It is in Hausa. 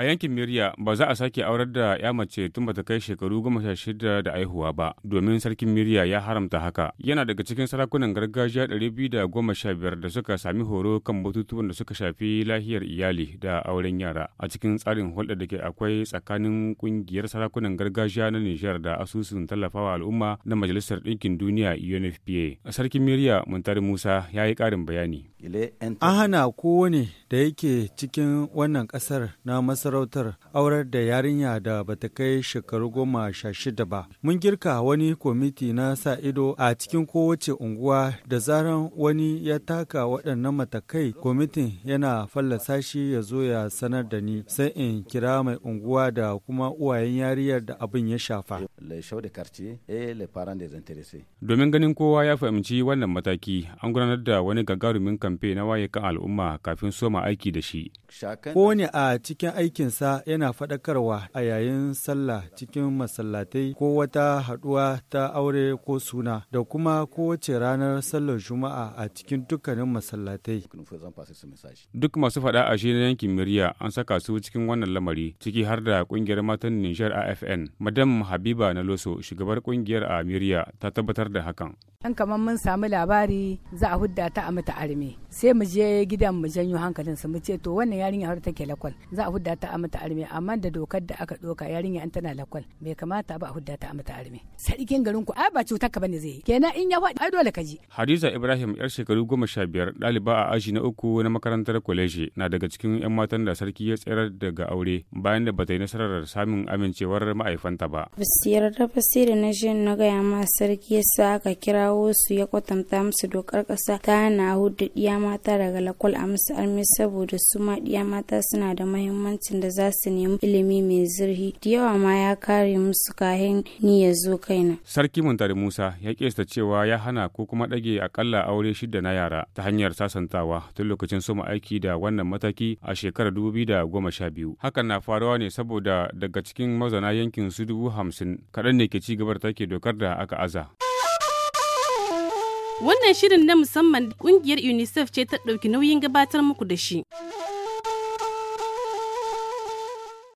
A yankin Miriya ba za a sake aurar da ya mace tun bata kai shekaru goma sha shida da aihuwa ba, domin sarkin Miriya ya haramta haka. Yana daga cikin sarakunan gargajiya ɗari biyu da goma sha biyar da suka sami horo kan batutuwan da suka shafi lahiyar iyali da auren yara a cikin tsarin hulɗa da ke akwai tsakanin ƙungiyar sarakunan gargajiya na Nijar da asusun tallafawa al'umma na Majalisar Ɗinkin Duniya UNFPA. Sarkin Miriya Muntari Musa ya yi ƙarin bayani. An hana kowane da yake cikin wannan ƙasar na Masar masarautar aurar da yarinya da bata kai shekaru goma sha shida ba. Mun girka wani kwamiti na sa ido a cikin kowace unguwa da zaran wani ya taka waɗannan matakai kwamitin yana fallasa shi ya zo ya sanar da ni sai in kira mai unguwa da kuma uwayen yariyar da abin ya shafa. Domin ganin kowa ya fahimci wannan mataki an gudanar da wani gagarumin kamfe na waye al'umma kafin soma aiki da shi. Kowane a cikin aikinsa yana faɗakarwa a yayin sallah cikin masallatai ko wata haɗuwa ta aure ko suna da kuma kowace ranar sallar juma'a a cikin dukkanin masallatai. Duk masu faɗa a shirin yankin Miriya an saka su cikin wannan lamari ciki har da ƙungiyar matan Nijar AFN. Madam Habiba Naloso shugabar ƙungiyar a Miriya ta tabbatar da hakan. An kamar mun samu labari za a hudda ta a mata arme sai mu je gidan mu janyo hankalinsa mu ce to wannan yarinya har take lakwal za a hudda ta a mata arme amma da dokar da aka doka yarinya an tana lakwal bai kamata ba a hudda ta a mata arme sarkin garin ku a ba cutar ka bane zai kenan in ya faɗi ai dole ka ji Hadiza Ibrahim yar shekaru goma sha biyar ɗaliba a aji na uku na makarantar kwaleji na daga cikin 'yan matan da sarki ya tsayar daga aure bayan da bata yi nasarar samun amincewar ma'aifanta ba. Basira da basira na jin na gaya ma sarki ya sa aka kirawo su ya kwatanta musu dokar ƙasa ta na hudu ɗiya mata daga lakwal a musu arme saboda su ma ɗiya mata suna da mahimmancin da za su nemi ilimi mai zurfi da yawa ma ya kare musu kahin ni ya zo kaina. Sarki Muntari Musa ya kesta cewa ya hana ko kuma ɗage akalla aure shida na yara ta hanyar sasantawa tun lokacin soma aiki da wannan mataki a shekarar biyu Hakan na faruwa ne saboda daga cikin mazana yankin su dubu hamsin kaɗan ne ke ci gaba da take dokar da aka aza. Wannan shirin na musamman ƙungiyar UNICEF ce ta ɗauki nauyin gabatar muku da shi.